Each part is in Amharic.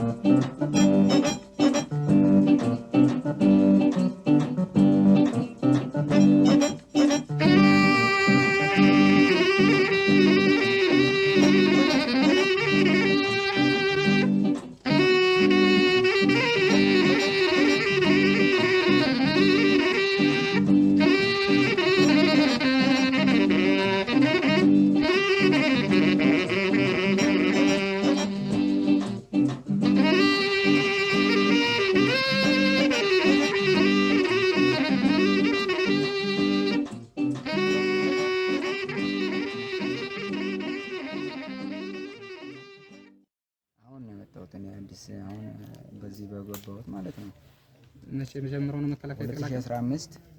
Thank you.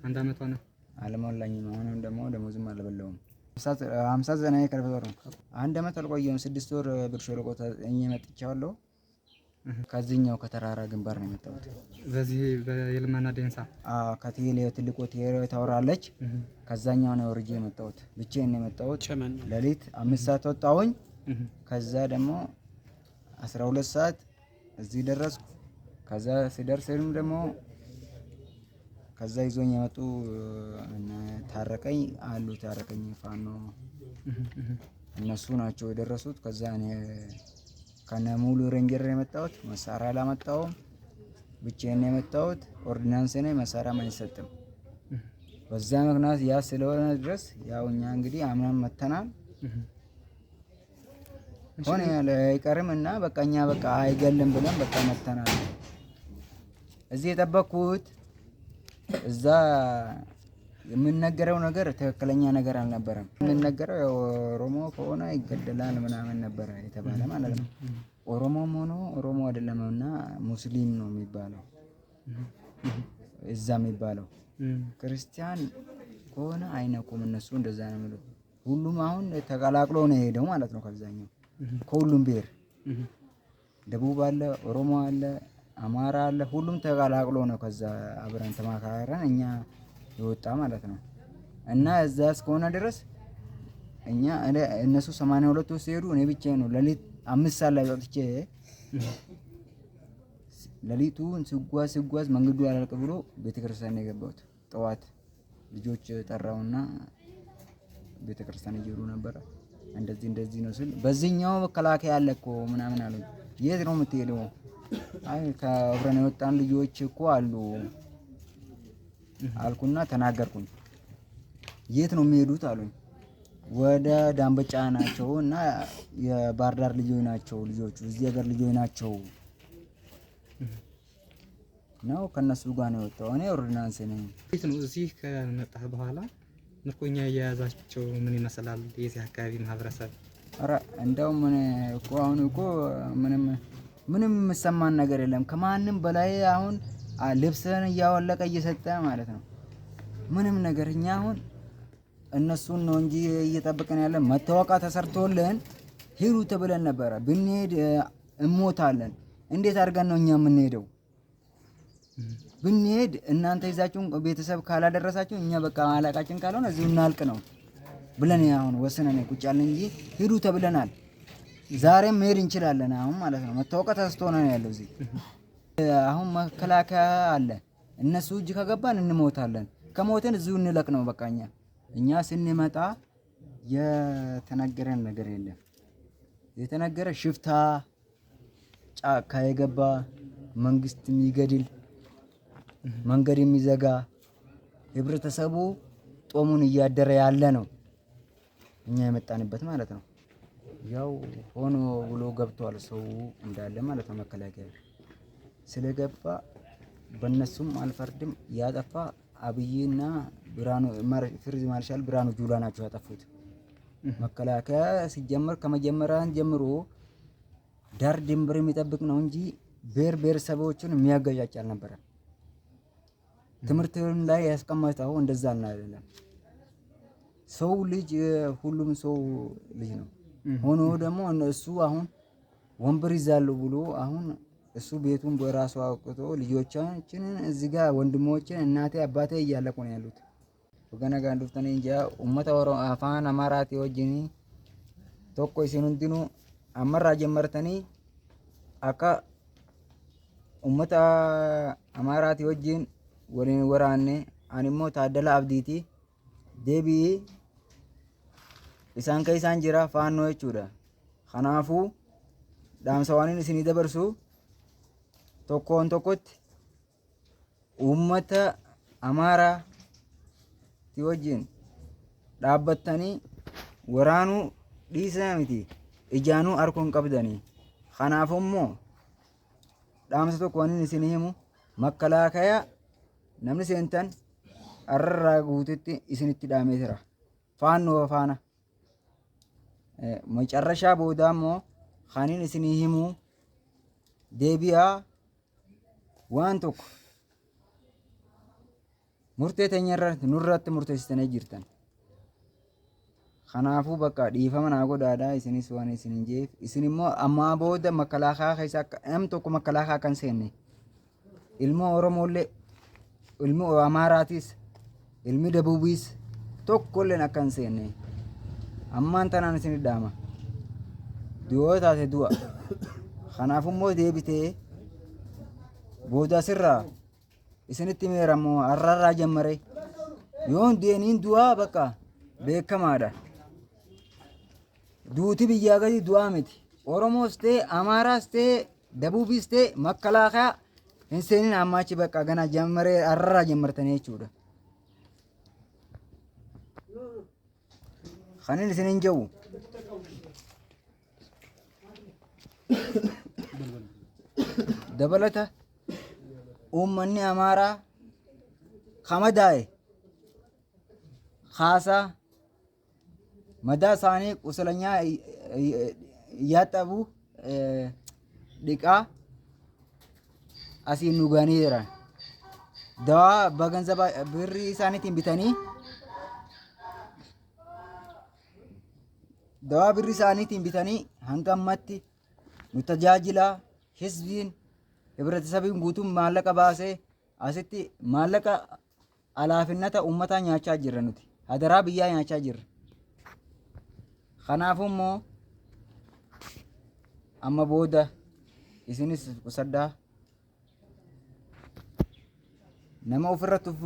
አንድ አመት ሆነ። አልሞላኝም። አሁንም ደግሞ ደሞዝም አልበላውም። ሀምሳ ዘጠናዊ ከርፈት ወር ነው። አንድ አመት አልቆየሁም። ስድስት ወር ብር ሸለቆ እኔ መጥቻለሁ። ከዚህኛው ከተራራ ግንባር ነው የመጣሁት። በዚህ የልማና ዴንሳ ከቴሌ ትልቁ ቴሌ ታወራለች። ከዛኛው ነው ወርጄ የመጣሁት። ብቻዬን ነው የመጣሁት። ሌሊት አምስት ሰዓት ወጣሁኝ። ከዛ ደግሞ አስራ ሁለት ሰዓት እዚህ ደረስኩ። ከዛ ስደርስ ደግሞ ከዛ ይዞኝ የመጡ ታረቀኝ አሉ ታረቀኝ ፋኖ እነሱ ናቸው የደረሱት። ከዛ እኔ ከነ ሙሉ ሬንጀር የመጣሁት መሳሪያ አላመጣሁም፣ ብቻዬን የመጣሁት ኦርዲናንስ ነኝ፣ መሳሪያ ማን አይሰጥም። በዛ ምክንያት ያ ስለሆነ ድረስ ያው እኛ እንግዲህ አምናን መተናል ሆነ አይቀርም እና በቃ እኛ በቃ አይገልም ብለን በቃ መተናል። እዚህ የጠበቅኩት እዛ የምንነገረው ነገር ትክክለኛ ነገር አልነበረም። የምንነገረው ኦሮሞ ከሆነ ይገደላል ምናምን ነበረ የተባለ ማለት ነው። ኦሮሞም ሆኖ ኦሮሞ አይደለም እና ሙስሊም ነው የሚባለው እዛ የሚባለው። ክርስቲያን ከሆነ አይነቁም እነሱ እንደዛ ነው የሚሉት። ሁሉም አሁን ተቀላቅሎ ነው የሄደው ማለት ነው። ከዛኛው ከሁሉም ብሄር ደቡብ አለ፣ ኦሮሞ አለ አማራ አለ ሁሉም ተቀላቅሎ ነው። ከዛ አብረን ተማካረን እኛ የወጣ ማለት ነው። እና እዛ እስከሆነ ድረስ እኛ እነሱ 82 ውስጥ ሲሄዱ እኔ ብቻ ነው ለሊት አምስት ሰዓት ላይ ወጥቼ ለሊቱን ስጓዝ ስጓዝ መንገዱ ያላልቅ ብሎ ቤተክርስቲያን የገባሁት ጠዋት ልጆች ጠራውና ቤተክርስቲያን እየሄዱ ነበረ። እንደዚህ እንደዚህ ነው ስል በዚህኛው መከላከያ አለ እኮ ምናምን አሉኝ። የት ነው የምትሄደው? አይ ከአብረን የወጣን ልጆች እኮ አሉ አልኩና ተናገርኩኝ። የት ነው የሚሄዱት አሉኝ። ወደ ዳንበጫ ናቸው እና የባህር ዳር ልጆች ናቸው ልጆቹ እዚህ ሀገር ልጆች ናቸው ነው ከእነሱ ጋር ነው የወጣው። እኔ ኦርዲናንስ ነኝ። እንዴት ነው እዚህ ከመጣህ በኋላ ምርኮኛ የያዛቸው ምን ይመስላል የዚህ አካባቢ ማህበረሰብ? ኧረ እንደውም እኮ አሁን እኮ ምንም ምንም የምሰማን ነገር የለም። ከማንም በላይ አሁን ልብስን እያወለቀ እየሰጠ ማለት ነው። ምንም ነገር እኛ አሁን እነሱን ነው እንጂ እየጠበቅን ያለን። መታወቂያ ተሰርቶልን ሂዱ ተብለን ነበረ። ብንሄድ እሞታለን። እንዴት አድርገን ነው እኛ የምንሄደው? ብንሄድ እናንተ ይዛችሁን ቤተሰብ ካላደረሳችሁ እኛ በቃ አላቃችን ካልሆነ እዚሁ እናልቅ ነው ብለን አሁን ወስነን ቁጭ ያለን እንጂ ሂዱ ተብለናል። ዛሬም መሄድ እንችላለን። አሁን ማለት ነው መታወቂያ ተስቶ ነው ያለው እዚህ። አሁን መከላከያ አለ። እነሱ እጅ ከገባን እንሞታለን። ከሞትን እዚሁ እንለቅ ነው በቃ። እኛ እኛ ስንመጣ የተነገረን ነገር የለም። የተነገረ ሽፍታ ጫካ የገባ መንግስት የሚገድል መንገድ የሚዘጋ ህብረተሰቡ ጦሙን እያደረ ያለ ነው እኛ የመጣንበት ማለት ነው። ያው ሆኖ ብሎ ገብቷል ሰው እንዳለ ማለት ነው። መከላከያ ስለገባ በነሱም አልፈርድም። ያጠፋ አብይና ብራኑ ፊልድ ማርሻል ብርሃኑ ጁላ ናቸው ያጠፉት። መከላከያ ሲጀመር ከመጀመሪያን ጀምሮ ዳር ድንበር የሚጠብቅ ነው እንጂ ብሔር ብሔረሰቦችን የሚያገጫጭ አልነበረ። ትምህርትን ላይ ያስቀመጠው እንደዛ አይደለም። ሰው ልጅ ሁሉም ሰው ልጅ ነው። ሆኖ ደግሞ እሱ አሁን ወንበር ይዛለሁ ብሎ አሁን እሱ ቤቱን በራሱ አውቅቶ ልጆቻችን እዚህ ጋር ወንድሞችን እናቴ አባቴ እያለቁ ነው ያሉት። ወገና ጋር ጋንዱፍተኔ እንጃ ኡመተ ወሮ አፋን አማራት ይወጅኒ ቶኮ ሲኑንቲኑ አመራ ጀመርተኒ አካ ኡመተ አማራት ይወጅን ወራኔ አንሞ ታደለ አብዲቲ ዴቢ isaan ka isaan jira faannoo jechuudha. Kanaafuu inni isinii dabarsu tokkoon tokkotti uummata Amaaraati wajjin dhaabbattanii waraanuu dhiisaa miti ijaanuu harkuun qabdanii. Kanaaf immoo dhaamsa tokko waan inni isinii himu makkalaakayaa namni seentan arraa guututti isinitti dhaamee jira. Faannoo faana. መጨረሻ ቦዳሞ ካኒን እስኒ ሂሙ debia wantuk murte murtee teenyarra murte murteessitanii jirtan. Kanaafuu baka, dhiifama naa godhaadha isinis waan isin jeef isin immoo ammaa booda makalaakaa kaisa, akka nam tokko makalaakaa kan seenne ilmoo Oromoollee ilmi Amaaraatis ilmu debubis, tokkolleen akka hin ammaan tanaan isin iddaama du'oo taate du'a kanaafummoo deebitee booda asirraa isinitti meerammoo har'arraa jammare yoon deeniin du'aa bakka beekamaadha duuti biyyaa gadi du'aa miti oromoos ta'e amaaraas ta'e dabuubis ta'e makkalaakaa hin seenin ammaachi bakka gana jammaree har'arraa jammartanii jechuudha. Xanil senin jawu. Dabalata uummanni Amaaraa kamadaa'e haasaa madaa isaanii qusalanyaa yaaxabu dhiqaa asiin nu ga'aniiran. Dawaa baganza birrii isaaniitiin bitanii dawaa birri isaaniitiin bitanii hanga ammatti nu tajaajilaa hizbiin sabiin guutuun maallaqa baasee asitti maallaqa alaafinnata ummataa nyaachaa jirra nuti hadaraa biyyaa nyaachaa jirra kanaafuu immoo amma booda isinis qusaddaa nama ofirratti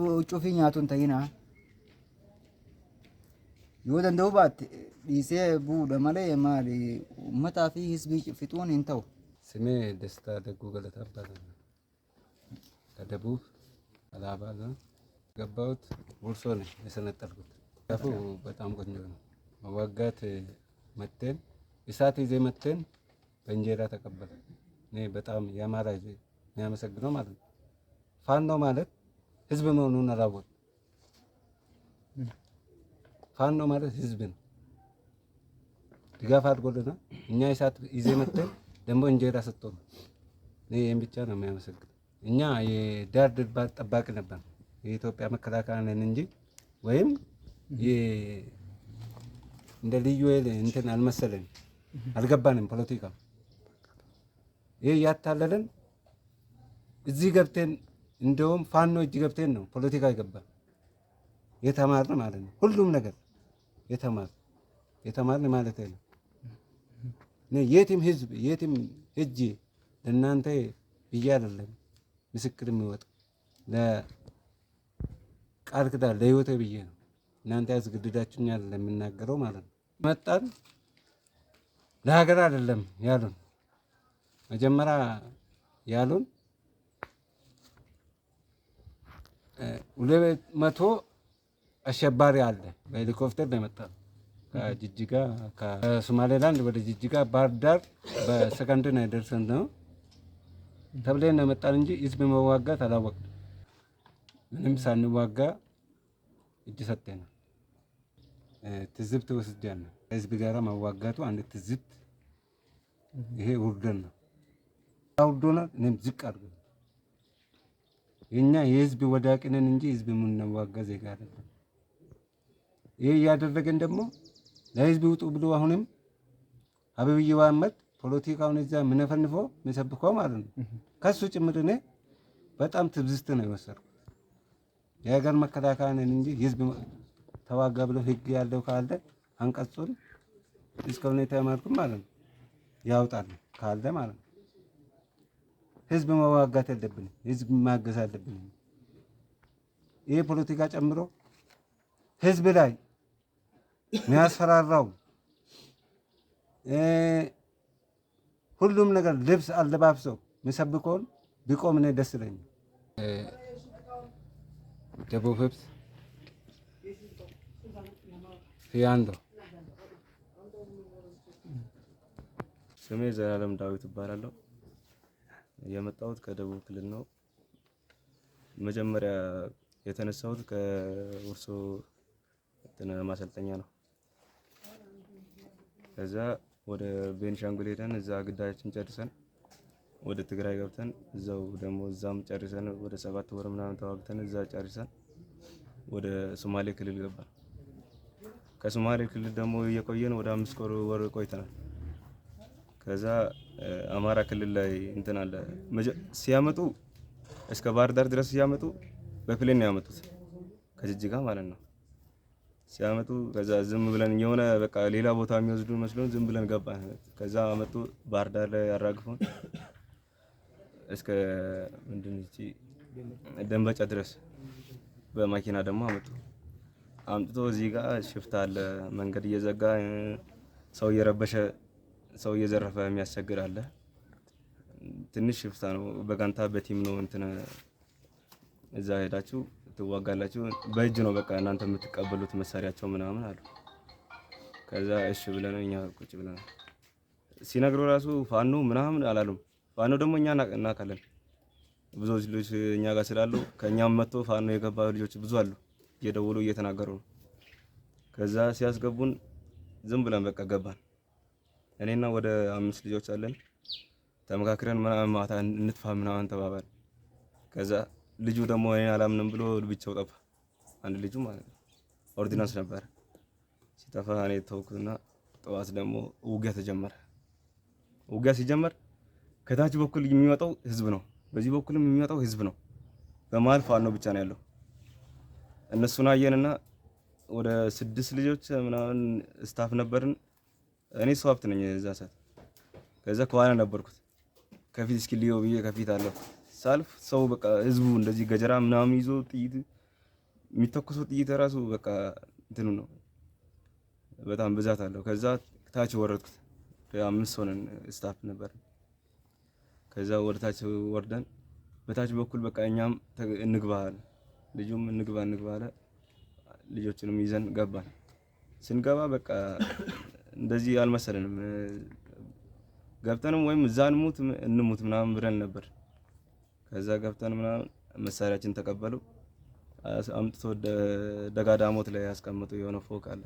fi nyaatu hin ta'inaa yoo danda'u baatte dhiisee buudha malee maali uummataa fi hizbii fixuun hin ta'u. ስሜ ደስታ ደጉ ገለታ እባላለሁ። ከደቡብ አላባ ዞን ገባሁት። ውርሶ ነው የሰነጠልኩት። ዛፉ በጣም ቆንጆ ነው። መዋጋት መተን እሳት ይዜ መተን በእንጀራ ተቀበለ። እኔ በጣም የአማራ የሚያመሰግነው ማለት ነው። ፋኖ ማለት ህዝብ መሆኑን አላወቅም። ፋኖ ማለት ህዝብ ነው። ድጋፍ አድርጎልናል። እኛ የሰዓት ይዜ መጥተን ደግሞ እንጀራ ሰጥቶናል። ይህም ብቻ ነው የሚያመሰግን። እኛ የዳር ድንበር ጠባቂ ነበር። የኢትዮጵያ መከላከያ ነን እንጂ ወይም እንደ ልዩ እንትን አልመሰለን አልገባንም። ፖለቲካ ይህ እያታለለን እዚህ ገብተን እንደውም ፋኖ እጅ ገብተን ነው ፖለቲካ ይገባል የተማርን ማለት ነው ሁሉም ነገር የተማር የተማርን ማለት አይደለም። የትም ህዝብ የትም እጅ ለእናንተ ብዬ አይደለም ምስክር የሚወጣ ለቃል ኪዳን ለህይወቴ ብዬ ነው። እናንተ ያስገድዳችሁኝ አይደለም የምናገረው ማለት ነው። መጣን ለሀገር አይደለም ያሉን መጀመሪያ ያሉን ሁለት መቶ አሸባሪ አለ። በሄሊኮፕተር ነው የመጣ ከጅጅጋ ከሶማሌላንድ ወደ ጅጅጋ ባህር ዳር በሰከንድ ነው የደርሰን ነው ተብለን ነው የመጣን እንጂ ህዝብ መዋጋት አላወቅም። ምንም ሳንዋጋ እጅ ሰጥተናል። ትዝብት ወስጃ ነው ህዝብ ጋራ መዋጋቱ አንድ ትዝብት፣ ይሄ ውርደን ነው አውርዶናል። እኔም ዝቅ አድርገ የኛ የህዝብ ወዳቂነን እንጂ ህዝብ የምንዋጋ ዜጋ አይደለም። ይህ እያደረገን ደግሞ ለህዝብ ውጡ ብሎ አሁንም አብይ አህመድ ፖለቲካውን እዛ ምነፈንፎ ምሰብኮ ማለት ነው። ከሱ ጭምር እኔ በጣም ትብዝት ነው የወሰድኩት። የሀገር መከላከያ ነን እንጂ ህዝብ ተዋጋ ብሎ ህግ ያለው ካለ አንቀጹን እስከሆነ የተማርኩም ማለት ነው ያውጣል ካለ ማለት ነው። ህዝብ መዋጋት ያለብን ህዝብ ማገዝ አለብን። ይህ ፖለቲካ ጨምሮ ህዝብ ላይ የሚያስፈራራው ሁሉም ነገር ልብስ አለባብሰው ምሰብኮን ቢቆም እኔ ደስ ይለኛል። ደቡብ ህብት ፊያንዶ ስሜ ዘላለም ዳዊት እባላለሁ። የመጣሁት ከደቡብ ክልል ነው። መጀመሪያ የተነሳሁት ከውርሶ ማሰልጠኛ ነው። ከዛ ወደ ቤንሻንጉል ሄደን እዛ ግዳችን ጨርሰን ወደ ትግራይ ገብተን እዛው ደግሞ እዛም ጨርሰን ወደ ሰባት ወር ምናምን ተዋግተን እዛ ጨርሰን ወደ ሶማሌ ክልል ገባን። ከሶማሌ ክልል ደግሞ እየቆየን ወደ አምስት ወር ቆይተናል። ከዛ አማራ ክልል ላይ እንትን አለ ሲያመጡ እስከ ባህር ዳር ድረስ ሲያመጡ በፕሌን ነው ያመጡት ከጅጅጋ ማለት ነው። ሲያመጡ ከዛ ዝም ብለን የሆነ በቃ ሌላ ቦታ የሚወስዱ መስሎን ዝም ብለን ገባን። ከዛ አመጡ ባህር ዳር ላይ ያራግፉን እስከ ምንድን እቺ ደንበጫ ድረስ በማኪና ደግሞ አመጡ። አምጥቶ እዚህ ጋር ሽፍት አለ፣ መንገድ እየዘጋ ሰው እየረበሸ ሰው እየዘረፈ የሚያስቸግር አለ። ትንሽ ሽፍታ ነው፣ በጋንታ በቲም ነው እንትን እዛ ሄዳችሁ ትዋጋላችሁ፣ በእጅ ነው በቃ እናንተ የምትቀበሉት መሳሪያቸው ምናምን አሉ። ከዛ እሺ ብለን እኛ ቁጭ ብለን ሲነግሩ ራሱ ፋኖ ምናምን አላሉም። ፋኖ ደግሞ እኛ እናውቃለን፣ ብዙ ልጆች እኛ ጋር ስላሉ ከእኛም መጥቶ ፋኖ የገባ ልጆች ብዙ አሉ፣ እየደወሉ እየተናገሩ ነው። ከዛ ሲያስገቡን ዝም ብለን በቃ ገባን። እኔና ወደ አምስት ልጆች አለን። ተመካክረን ምናምን ማታ እንትፋ ምናምን ተባባል ከዛ ልጁ ደግሞ እኔ አላምንም ብሎ ብቻው ጠፋ። አንድ ልጁ ማለት ነው ኦርዲናንስ ነበረ ሲጠፋ እኔ ተውኩትና ጠዋት ደግሞ ውጊያ ተጀመረ። ውጊያ ሲጀመር ከታች በኩል የሚመጣው ህዝብ ነው፣ በዚህ በኩልም የሚመጣው ህዝብ ነው። በመሀል ፋኖ ብቻ ነው ያለው። እነሱን አየንና ወደ ስድስት ልጆች ምናምን ስታፍ ነበርን። እኔ ሰዋብት ነኝ እዛ ሰዓት። ከዛ ከኋላ ነበርኩት ከፊት እስኪ ልየው ብዬ ከፊት አለሁ ሳልፍ ሰው በቃ ህዝቡ እንደዚህ ገጀራ ምናምን ይዞ ጥይት የሚተኩሰው ጥይት ራሱ በቃ እንትኑ ነው፣ በጣም ብዛት አለው። ከዛ ታች ወረድኩት። አምስት ሆነን ስታፍ ነበር። ከዛ ወደ ታች ወርደን በታች በኩል በቃ እኛም እንግባ አለ ልጁም እንግባ እንግባ አለ። ልጆችንም ይዘን ገባን። ስንገባ በቃ እንደዚህ አልመሰለንም። ገብተንም ወይም እዛ እንሙት እንሙት ምናምን ብለን ነበር ከዛ ገብተን ምናምን መሳሪያችን ተቀበሉ። አምጥቶ ደጋዳሞት ላይ ያስቀምጡ። የሆነ ፎቅ አለ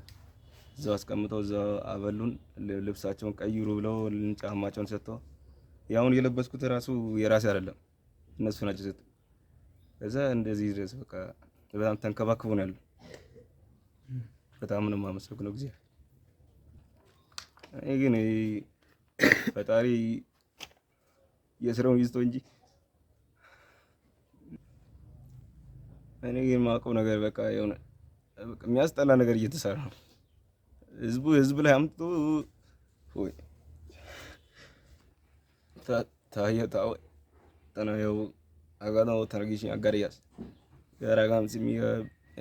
እዛው አስቀምጠው እዛው አበሉን። ልብሳቸውን ቀይሩ ብለው ጫማቸውን ሰጥተው ያሁን የለበስኩት ራሱ የራሴ አይደለም እነሱ ናቸው ሰጡ። እዛ እንደዚህ ድረስ በቃ በጣም ተንከባክቦ ነው በጣም ነው የማመሰግነው ጊዜ ግን ፈጣሪ የስራውን ይዝቶ እንጂ እኔ ግን ማቆም ነገር በቃ የሆነ የሚያስጠላ ነገር እየተሰራ ነው። ህዝቡ ህዝብ ላይ አምጥቶ ሆይ ታየታ ተናየው አጋናው ተርጊሽ አጋሪያስ ያራጋም ሲሚ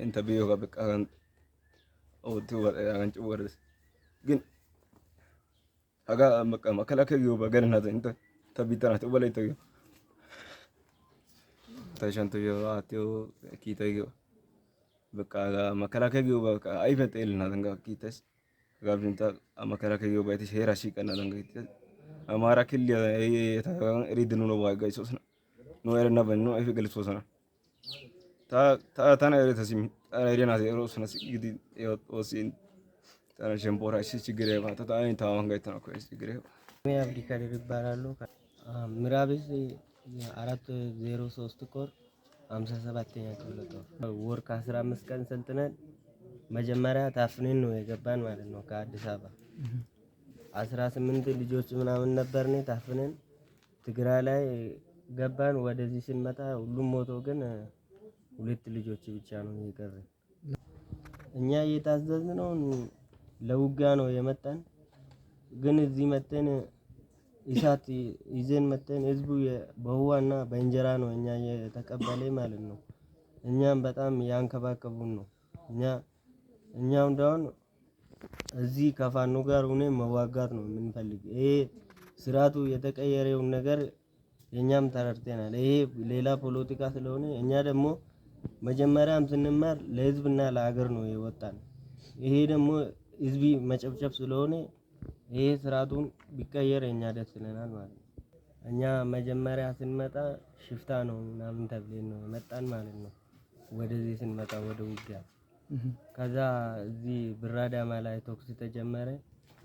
ኢንተርቪው ጋር በቃ አንተ ኦቲ ኦቱ አንቺ ወርስ ግን አጋ መከላከያ ይወባ ገለናተ ተቢተናተ ወላይ ተገ ተሸንቶ ጀባቴው ኪተ ጊባ በቃ መከላከያ ጊባ በቃ አይፈጥ ይልና ተንጋ ኪተስ ጋብንታ መከላከያ ጊባ የተሽ ሄራሺ ቀና ተንጋ ኪተስ አማራ ክል የታገን ሪድኑ ነው ባጋይ ሶስና ነው ያለና በኑ አይፈ ገልጽ ሶስና ታ ታ ታና ያለ ተሲም አይደና ዘሮ ሶስና ሲግዲ ወሲን ታና ጀምቦራ እሺ ችግር ባታ ታን ታዋን ጋይታ ነው እኮ ችግር ያባ ምን አብዲካል ይባላሉ ምራብዝ አራት ዜሮ ሶስት ኮር ሃምሳ ሰባተኛ ክፍለ ጦር ወር ከአስራ አምስት ቀን ሰልጥነን መጀመሪያ ታፍነን ነው የገባን ማለት ነው። ከአዲስ አበባ አስራ ስምንት ልጆች ምናምን ነበርን ታፍነን ትግራይ ላይ ገባን። ወደዚህ ስንመጣ ሁሉም ሞቶ ግን ሁለት ልጆች ብቻ ነው የቀረን። እኛ እየታዘዝን ነው ለውጊያ ነው የመጣን ግን እዚህ መጥተን እሳት ይዘን መጥተን ህዝቡ በውሃና በእንጀራ ነው እኛ የተቀበለ ማለት ነው። እኛም በጣም ያንከባከቡን ነው። እኛ እኛም እንደሆን እዚህ ከፋኖ ጋር ሆነ መዋጋት ነው የምንፈልግ። ይሄ ስርዓቱ የተቀየረውን ነገር የኛም ተረድተናል። ይሄ ሌላ ፖለቲካ ስለሆነ እኛ ደግሞ መጀመሪያም ስንማር ለህዝብና ለሀገር ነው የወጣን። ይሄ ደግሞ ህዝቢ መጨብጨብ ስለሆነ ይህ ስርዓቱን ቢቀየር እኛ ደስ ይለናል ማለት ነው። እኛ መጀመሪያ ስንመጣ ሽፍታ ነው ምናምን ተብለን ነው መጣን ማለት ነው። ወደዚህ ስንመጣ ወደ ውጊያ ከዛ እዚህ ብራዳማ ላይ ተኩስ ተጀመረ።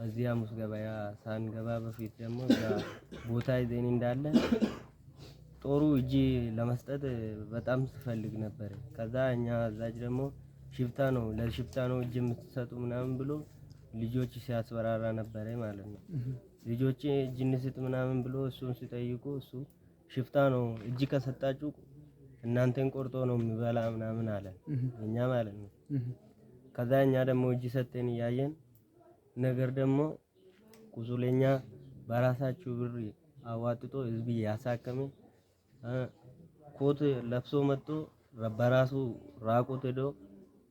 እዚህ ሐሙስ ገበያ ሳንገባ በፊት ደግሞ ቦታ ይዘን እንዳለ ጦሩ እጅ ለመስጠት በጣም ስፈልግ ነበር። ከዛ እኛ አዛዥ ደግሞ ሽፍታ ነው ለሽፍታ ነው እጅ የምትሰጡ ምናምን ብሎ ልጆች ሲያስበራራ ነበረ ማለት ነው። ልጆች እጅን ስጥ ምናምን ብሎ እሱን ሲጠይቁ እሱ ሽፍታ ነው እጅ ከሰጣችሁ እናንተን ቆርጦ ነው የሚበላ ምናምን አለ እኛ ማለት ነው። ከዛ እኛ ደግሞ እጅ ሰጥተን እያየን ነገር ደግሞ ቁስለኛ በራሳችሁ ብር አዋጥቶ ህዝብ ያሳከመ ኮት ለብሶ መጥቶ በራሱ ራቁት ሄዶ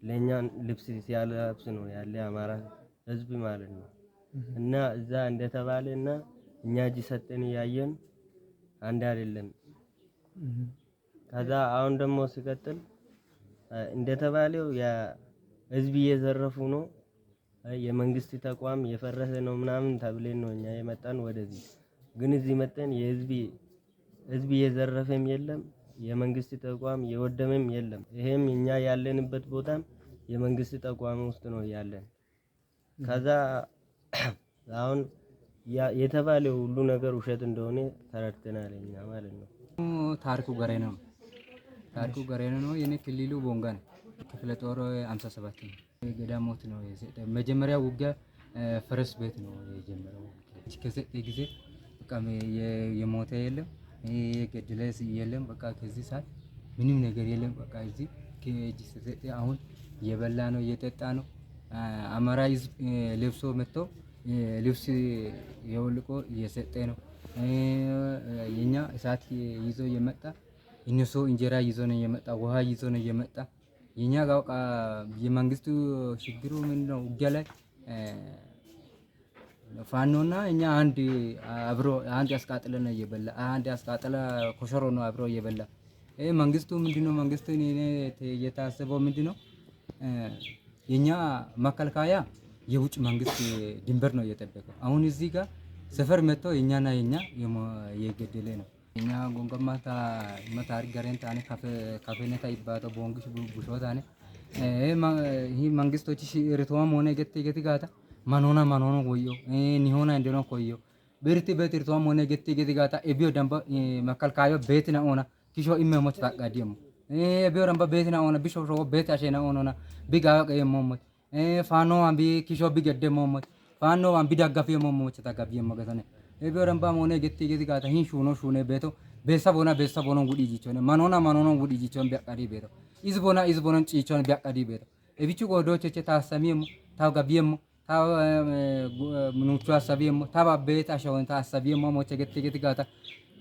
ለእኛ ልብስ ሲያለብስ ነው ያለ አማራ ህዝብ ማለት ነው እና እዛ እንደተባለ እና እኛ እጅ ሰጠን እያየን አንድ አይደለም። ከዛ አሁን ደግሞ ስቀጥል እንደተባለው ህዝብ እየዘረፉ ነው፣ የመንግስት ተቋም የፈረሰ ነው ምናምን ተብለን ነው እኛ የመጣን ወደዚህ። ግን እዚህ መጠን ህዝብ እየዘረፈም የለም የመንግስት ተቋም የወደመም የለም። ይሄም እኛ ያለንበት ቦታም የመንግስት ተቋም ውስጥ ነው ያለን። ከዛ አሁን የተባለ ሁሉ ነገር ውሸት እንደሆነ ተረድተናል እኛ ማለት ነው። ታሪኩ ገሬ ነው። ታሪኩ ገሬ ነው። የኔ ክልሉ ቦንጋ ነው። ክፍለ ጦር 57 ነው። ገዳሞት ነው መጀመሪያ ውጊያ ፈረስ ቤት ነው የጀመረው። ከዚህ ጊዜ በቃ የሞተ የለም የገደለ የለም። በቃ ከዚህ ሰዓት ምንም ነገር የለም። በቃ እዚህ አሁን የበላ ነው የጠጣ ነው አማራ ህዝብ ለብሶ መጥቶ ልብስ የወልቆ እየሰጠ ነው። የኛ እሳት ይዞ እየመጣ እነሱ እንጀራ ይዞ ነው እየመጣ ውሃ ይዞ ነው እየመጣ የኛ ጋውቃ የመንግስቱ ችግሩ ምንድን ነው? ውጊያ ላይ ፋኖና እኛ አንድ አብሮ አንድ ያስቃጥለ ነው እየበላ አንድ ያስቃጥለ ኮሸሮ ነው አብሮ እየበላ ይሄ መንግስቱ ምንድነው? መንግስቱ እየታሰበው ምንድነው? የኛ መከልከያ የውጭ መንግስት ድንበር ነው እየጠበቀው። አሁን እዚህ ጋር ሰፈር መጥቶ የኛና የኛ የገደለ ነው። እኛ ጎንገማታ መታሪ ገሬን ታኔ ካፌነታ ይባጠ ቦንግሽ ቡሾታ ይህ መንግስቶች ርቶም ሆነ ገት ገት ጋታ ማኖና ማኖኖ ቆዮ ኒሆና እንደኖ ቆዮ ብርቲ ቤት ርቶም ሆነ ገት ገት ጋታ ኤቢዮ ደንባ መከልካዮ ቤት ነሆና ኪሾ ኢሜሞች ታቃዲሙ Eh, beeran beekna ona bishoo shoo beet ashena onona bigaa qee mommot ቢገደ ሞሞች ፋኖ አንቢ ደጋፊ ተጋቢ መገሰነ ኤቢረምባ ሞነ ገቴ ገዚ ጋታ ሂን ሹኖ ሹነ ቤቶ ቤተሰብ ሆና ቤተሰብ ሆኖ ጉዲ ጂቾነ መኖና መኖኖ ጉዲ ጂቾን ቢያቃዲ ቤቶ ኢዝቦና ኢዝቦኖን ጪቾን ቢያቃዲ ቤቶ ኤቢቹ ጎዶች ቼ ታሰሚም ታጋቢም ታው ምኑቹ አሰቢም ታባቤት አሸወን ታሰቢም ሞሞች ገቴ ገዚ ጋታ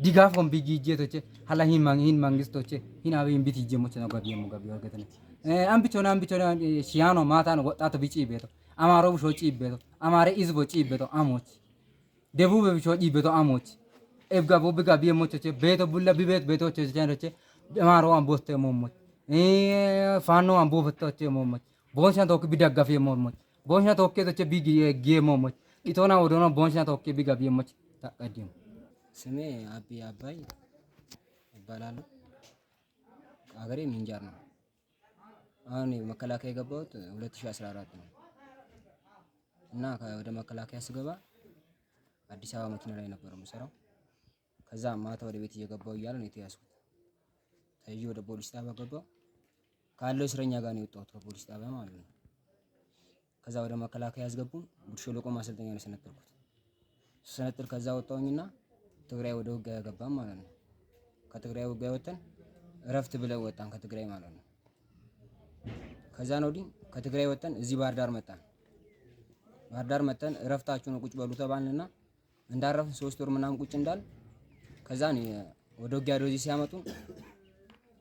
ድጋፎን ቢጊጄቶቼ ሀላ ሂን መንግስቶቼ ሂን አብይን ቢት ይጀሞች ነው ገቢየሙ ገቢ ወርገትነ አንብቾና አንብቾና ሺያኖ ማታ ነው ወጣቱ ቢጭ ይቤቶ አማሮ ብሾ ጭ ይቤቶ አማሬ ኢዝቦ ጭ ይቤቶ አሞች ደቡብ ብሾ ጭ ይቤቶ አሞች ኤብጋ ቦብጋ ቢየሞቾቼ ቤቶ ቡላ ቢቤት ቤቶቼ ቻኖቼ አማሮዋን ቦስተ ሞሞች ፋኖዋን ቦፈቶቼ ሞሞች ቦንሻን ቶክ ቢደጋፍ የሞሞች ቦንሻ ቶኬቶቼ ቢጌ ሞሞች ኢቶና ወዶና ቦንሻ ቶኬ ቢጋብ የሞች ታቀዲሙ ስሜ አቢ አባይ ይባላሉ። አገሬ ምንጃር ነው። አሁን መከላከያ የገባሁት 2014 ነው እና ወደ መከላከያ ስገባ አዲስ አበባ መኪና ላይ ነበር የምሰራው። ከዛ ማታ ወደ ቤት እየገባው እያለ ነው የተያዝኩት። ተይዤ ወደ ፖሊስ ጣቢያ ገባው። ካለው እስረኛ ጋር ነው የወጣሁት፣ ከፖሊስ ጣቢያ ማለት ነው። ከዛ ወደ መከላከያ ያስገቡን ጉድ ሸለቆ ማሰልጠኛ ነው የሰነጠልኩት። ስሰነጥል ከዛ ወጣሁኝና ትግራይ ወደ ውጊያ ገባን ማለት ነው። ከትግራይ ውጊያ ወጥተን እረፍት ብለን ወጣን ከትግራይ ማለት ነው። ከዛ ነው ወዲህ ከትግራይ ወጥተን እዚህ ባህር ዳር መጣን። ባህር ዳር መጣን። እረፍታችሁን ቁጭ በሉ ተባልንና እንዳረፍን ሶስት ወር ምናምን ቁጭ እንዳል ከዛ ነው ወደ ውጊያ ወደዚህ ሲያመጡን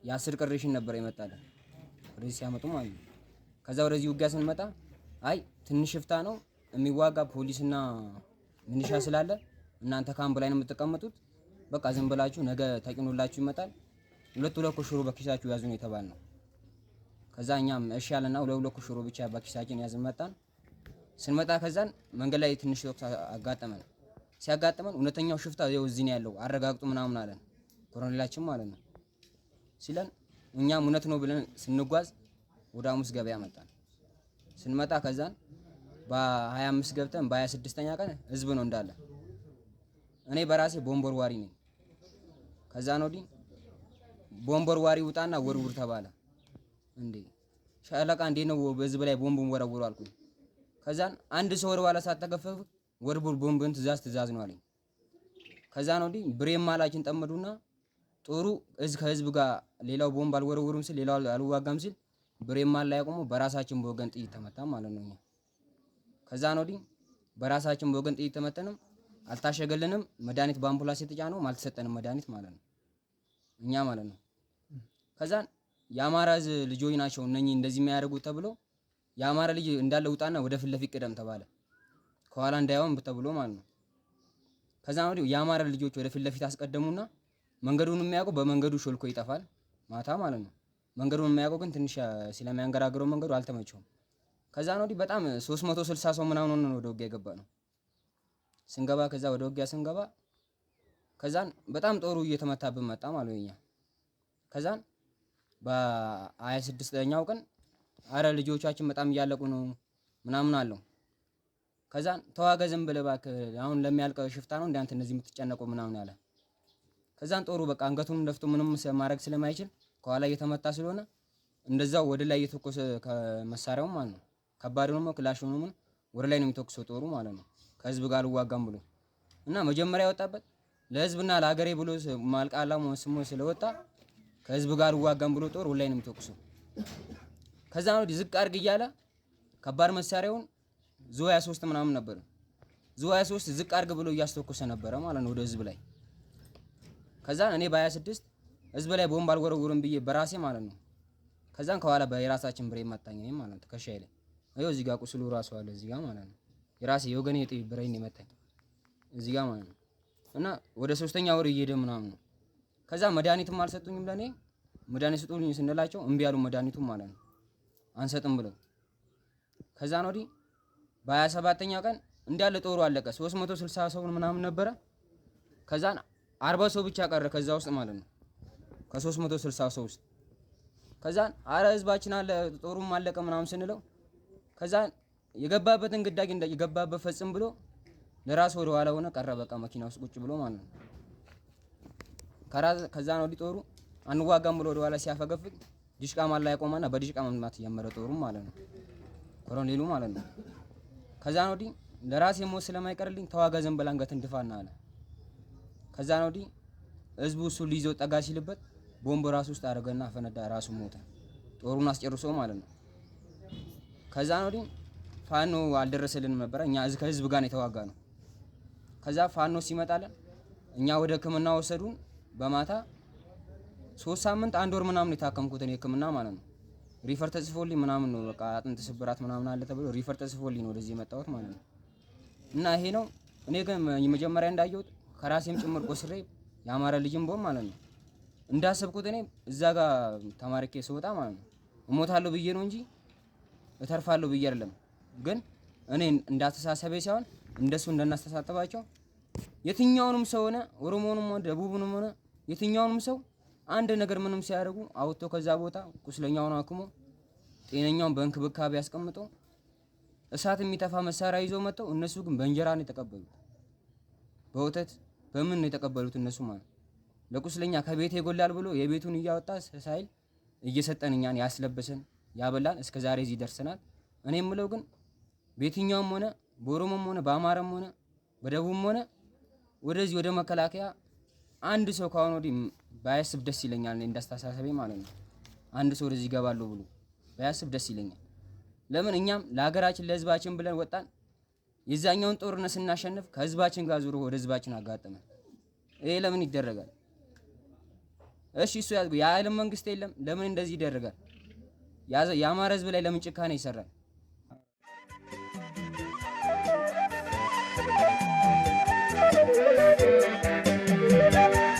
የአስር ቅሬሽን ነበር የመጣልን ወደዚህ ሲያመጡ ማለት ነው። ከዛ ወደዚህ ውጊያ ስንመጣ አይ ትንሽ ፍታ ነው የሚዋጋ ፖሊስና ምንሻ ስላለ እናንተ ካምፕ ላይ ነው የምትቀመጡት። በቃ ዝም ብላችሁ ነገ ተቂኖላችሁ ይመጣል። ሁለት ሁለት ኮሽሮ በኪሳችሁ ያዙ ነው የተባልነው። ከዛ እኛም እሺ ያለና ሁለት ሁለት ኮሽሮ ብቻ በኪሳችን ያዝን መጣን። ስንመጣ ከዛን መንገድ ላይ ትንሽ ተኩስ አጋጠመን። ሲያጋጥመን እውነተኛው ሽፍታ ያው እዚህ ነው ያለው አረጋግጡ ምናምን አለን፣ ኮሮኔላችን ማለት ነው ሲለን እኛም እውነት ነው ብለን ስንጓዝ ወደ ሐሙስ ገበያ መጣን። ስንመጣ ከዛን በ25 ገብተን በ26ኛ ቀን ህዝብ ነው እንዳለ እኔ በራሴ ቦምበር ዋሪ ነኝ። ከዛ ነው ዲ ቦምበር ዋሪ ውጣና ወርውር ተባለ። እንዴ ሻለቃ እንዴ ነው በዚህ በላይ ቦምብ ወረውሩ አልኩኝ። ከዛን አንድ ሰው ወደ ኋላ ሳትተገፈፍ ወርውር ቦምብን፣ ትእዛዝ ትእዛዝ ነው አለኝ። ከዛ ነው ዲ ብሬም ማላችን ጠመዱና ጦሩ እዝ ከህዝብ ጋር ሌላው ቦምብ አልወረውሩም ሲል ሌላው አልዋጋም ሲል ብሬም ማላ ያቆሙ በራሳችን በወገን ጥይት ተመታ ማለት ነው። ከዛ ነው ዲ በራሳችን በወገን ጥይት ተመተንም አልታሸገልንም። መድኃኒት በአምቡላንስ የተጫነውም አልተሰጠንም መድኃኒት ማለት ነው እኛ ማለት ነው። ከዛን የአማራዝ ልጆች ናቸው እነኚህ እንደዚህ የሚያደርጉት ተብሎ የአማራ ልጅ እንዳለ ውጣና ወደ ፊት ለፊት ቅደም ተባለ፣ ከኋላ እንዳይሆን ተብሎ ማለት ነው። ከዛ ወዲህ የአማራ ልጆች ወደ ፊት ለፊት አስቀደሙና መንገዱን የሚያውቀው በመንገዱ ሾልኮ ይጠፋል ማታ ማለት ነው። መንገዱን የሚያውቀው ግን ትንሽ ስለሚያንገራግረው መንገዱ አልተመቸውም። ከዛ ወዲህ በጣም 360 ሰው ምናምን ነው ወደ ውጊያ የገባ ነው። ስንገባ ከዛ ወደ ውጊያ ስንገባ ከዛን በጣም ጦሩ እየተመታብን መጣ ማለት ነው። ከዛን በሀያ ስድስተኛው ቀን አረ ልጆቻችን በጣም እያለቁ ነው ምናምን አለው። ከዛን ተዋጋ ዝም ብለህ እባክህ አሁን ለሚያልቀው ሽፍታ ነው እንዳንተ እነዚህ የምትጨነቁ ምናምን ያለ። ከዛን ጦሩ በቃ አንገቱን ደፍቶ ምንም ማድረግ ስለማይችል ከኋላ እየተመታ ስለሆነ እንደዛው ወደ ላይ እየተኮሰ ከመሳሪያው ማለት ነው ከባድ ነው ክላሽ ሆኖ ምን ወደ ላይ ነው የሚተኩሰው ጦሩ ማለት ነው። ከህዝብ ጋር አልዋጋም ብሎ እና መጀመሪያ ያወጣበት ለህዝብና ለሀገሬ ብሎ ማልቃላ ስሞ ስለወጣ ከህዝብ ጋር አልዋጋም ብሎ ጦር ሁላይ ነው የሚተኩሰው። ከዛ ነው ዝቅ አድርግ እያለ ከባድ መሳሪያውን ዙ 23 ምናምን ነበር። ዙ 23 ዝቅ አድርግ ብሎ እያስተኮሰ ነበረ ማለት ነው ወደ ህዝብ ላይ። ከዛ እኔ በ26 ህዝብ ላይ ቦምብ አልወረውርም ብዬ በራሴ ማለት ነው። ከዛን ከኋላ በራሳችን ብሬ መታኝ ማለት ነው። ከሻይ ላይ እዚህ ጋር ቁስሉ ራሱ አለ እዚህ ጋር ማለት ነው። የራሴ የወገኔ የጥይት ብሬን የመታኝ እዚህ ጋር ማለት ነው። እና ወደ ሶስተኛ ወር እየሄደ ምናምን ነው። ከዛ መድኃኒትም አልሰጡኝም ለእኔ መድኃኒት ስጡልኝ ስንላቸው እምቢ ያሉ መድኃኒቱም ማለት ነው አንሰጥም ብለው። ከዛን ወዲህ በሀያ ሰባተኛ ቀን እንዳለ ጦሩ አለቀ። 360 ሰው ስልሳ ሰውን ምናምን ነበረ። ከዛን 40 ሰው ብቻ ቀረ ከዛ ውስጥ ማለት ነው ከ360 ሰው ውስጥ ከዛን አረ ህዝባችን አለ ጦሩም አለቀ ምናምን ስንለው ከዛን የገባበትን ግዳጅ የገባበት ፈጽም ብሎ ለራስ ወደ ኋላ ሆነ ቀረ። በቃ መኪና ውስጥ ቁጭ ብሎ ማለት ነው። ከዛ ነው ሊጦሩ አንዋጋም ብሎ ወደ ኋላ ሲያፈገፍግ ዲሽቃ ማላ ያቆማና በዲሽቃ መምታት ጀመረ ጦሩ ማለት ነው። ኮሎኔሉ ማለት ነው። ከዛ ነው ዲ ለራሴ ሞት ስለማይቀርልኝ ተዋጋ ዘንበል አንገትን ድፋና አለ። ከዛ ነው ዲ ህዝቡ እሱ ሊይዘው ጠጋ ሲልበት ቦምብ ራሱ ውስጥ አደረገና አፈነዳ። ራሱ ሞተ። ጦሩን አስጨርሶ ማለት ነው። ከዛ ነው ዲ ፋኖ አልደረሰልንም ነበረ። እኛ ከህዝብ ጋር ነው የተዋጋ ነው። ከዛ ፋኖ ሲመጣለን እኛ ወደ ህክምና ወሰዱን። በማታ ሶስት ሳምንት አንድ ወር ምናምን የታከምኩት እኔ ህክምና ማለት ነው። ሪፈር ተጽፎልኝ ምናምን ነው በቃ አጥንት ስብራት ምናምን አለ ተብሎ ሪፈር ተጽፎልኝ ነው ወደዚህ የመጣሁት ማለት ነው። እና ይሄ ነው እኔ ግን መጀመሪያ እንዳየሁት ከራሴም ጭምር ቆስሬ የአማረ ልጅም ቦም ማለት ነው እንዳሰብኩት እኔ እዛ ጋር ተማርኬ ስወጣ ማለት ነው እሞታለሁ ብዬ ነው እንጂ እተርፋለሁ ብዬ አይደለም። ግን እኔ እንዳስተሳሰቤ ሳይሆን እንደሱ እንደናስተሳሰባቸው የትኛውንም ሰው ሆነ ኦሮሞንም ሆነ ደቡብንም ሆነ የትኛውንም ሰው አንድ ነገር ምንም ሲያደርጉ አውጥቶ ከዛ ቦታ ቁስለኛውን አክሞ ጤነኛውን በእንክብካቤ አስቀምጦ እሳት የሚተፋ መሳሪያ ይዞ መጥተው እነሱ ግን በእንጀራ ነው የተቀበሉት። በወተት በምን ነው የተቀበሉት? እነሱ ማለት ለቁስለኛ ከቤት ይጎላል ብሎ የቤቱን እያወጣ ሳይል እየሰጠን እኛን ያስለበሰን ያበላን እስከ ዛሬ እዚህ ደርሰናል። እኔ የምለው ግን በየትኛውም ሆነ በኦሮሞም ሆነ በአማራም ሆነ በደቡብም ሆነ ወደዚህ ወደ መከላከያ አንድ ሰው ካሁን ወዲህ ባያስብ ደስ ይለኛል። እንዳስተሳሰቤ ማለት ነው። አንድ ሰው ወደዚህ ይገባሉ ብሎ ባያስብ ደስ ይለኛል። ለምን እኛም ለሀገራችን ለህዝባችን ብለን ወጣን። የዛኛውን ጦርነት ስናሸንፍ ከህዝባችን ጋር ዙሮ ወደ ህዝባችን አጋጠመን። ይሄ ለምን ይደረጋል? እሺ እሱ ያዝ የዓለም መንግስት የለም። ለምን እንደዚህ ይደረጋል? የአማራ ህዝብ ላይ ለምን ጭካኔ ይሰራል? Thank you.